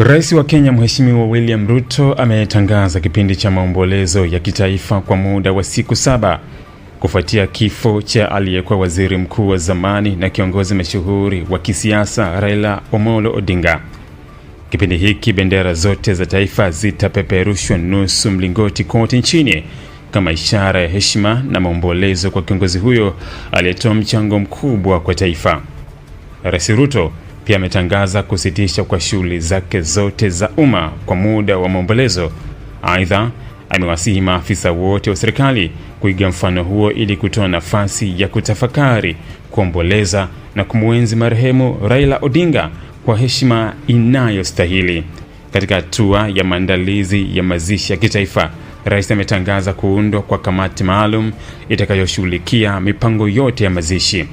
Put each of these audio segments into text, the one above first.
Rais wa Kenya Mheshimiwa William Ruto ametangaza kipindi cha maombolezo ya kitaifa kwa muda wa siku saba kufuatia kifo cha aliyekuwa waziri mkuu wa zamani na kiongozi mashuhuri wa kisiasa Raila Omolo Odinga. Kipindi hiki bendera zote za taifa zitapeperushwa nusu mlingoti kote nchini kama ishara ya heshima na maombolezo kwa kiongozi huyo aliyetoa mchango mkubwa kwa taifa. Rais Ruto pia ametangaza kusitisha kwa shughuli zake zote za umma kwa muda wa maombolezo. Aidha, amewasihi maafisa wote wa serikali kuiga mfano huo ili kutoa nafasi ya kutafakari, kuomboleza na kumwenzi marehemu Raila Odinga kwa heshima inayostahili. Katika hatua ya maandalizi ya mazishi ya kitaifa, Rais ametangaza kuundwa kwa kamati maalum itakayoshughulikia mipango yote ya mazishi.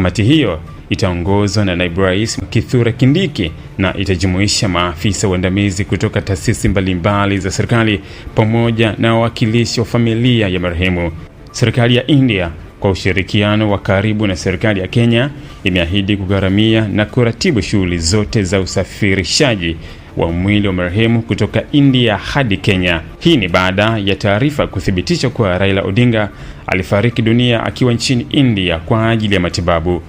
Kamati hiyo itaongozwa na naibu rais Kithure Kindiki na itajumuisha maafisa waandamizi kutoka taasisi mbalimbali za serikali pamoja na wawakilishi wa familia ya marehemu. Serikali ya India kwa ushirikiano wa karibu na serikali ya Kenya imeahidi kugharamia na kuratibu shughuli zote za usafirishaji wa mwili wa marehemu kutoka India hadi Kenya. Hii ni baada ya taarifa kuthibitisha kuwa Raila Odinga alifariki dunia akiwa nchini India kwa ajili ya matibabu.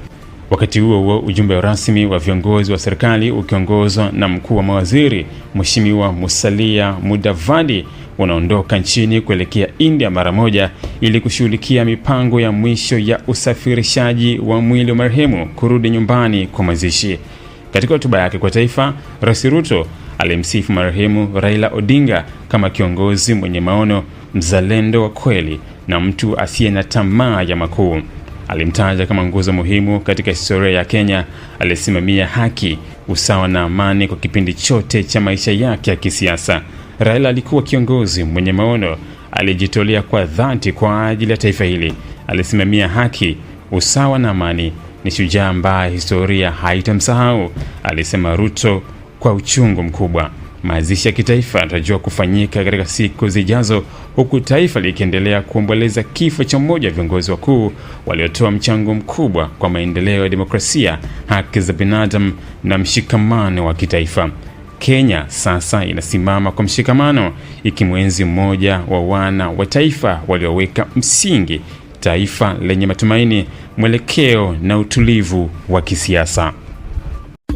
Wakati huo huo, ujumbe rasmi wa viongozi wa serikali ukiongozwa na mkuu wa mawaziri Mheshimiwa Musalia Mudavadi unaondoka nchini kuelekea India mara moja ili kushughulikia mipango ya mwisho ya usafirishaji wa mwili wa marehemu kurudi nyumbani kwa mazishi. Katika hotuba yake kwa taifa, Rais Ruto alimsifu marehemu Raila Odinga kama kiongozi mwenye maono, mzalendo wa kweli na mtu asiye na tamaa ya makuu. Alimtaja kama nguzo muhimu katika historia ya Kenya, alisimamia haki, usawa na amani kwa kipindi chote cha maisha yake ya kisiasa. Raila alikuwa kiongozi mwenye maono, alijitolea kwa dhati kwa ajili ya taifa hili, alisimamia haki, usawa na amani ni shujaa ambaye historia haitamsahau, alisema Ruto kwa uchungu mkubwa. Mazishi ya kitaifa yanatarajiwa kufanyika katika siku zijazo, huku taifa likiendelea kuomboleza kifo cha mmoja wa viongozi wakuu waliotoa mchango mkubwa kwa maendeleo ya demokrasia, haki za binadamu na mshikamano wa kitaifa. Kenya sasa inasimama kwa mshikamano, ikimwenzi mmoja wa wana wa taifa walioweka msingi taifa lenye matumaini, mwelekeo na utulivu wa kisiasa.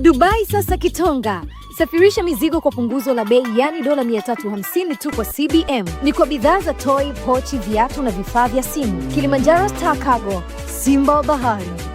Dubai sasa Kitonga. Safirisha mizigo kwa punguzo la bei, yani dola 350 tu kwa CBM. Ni kwa bidhaa za toy, pochi, viatu na vifaa vya simu. Kilimanjaro Star Cargo, simba wa bahari.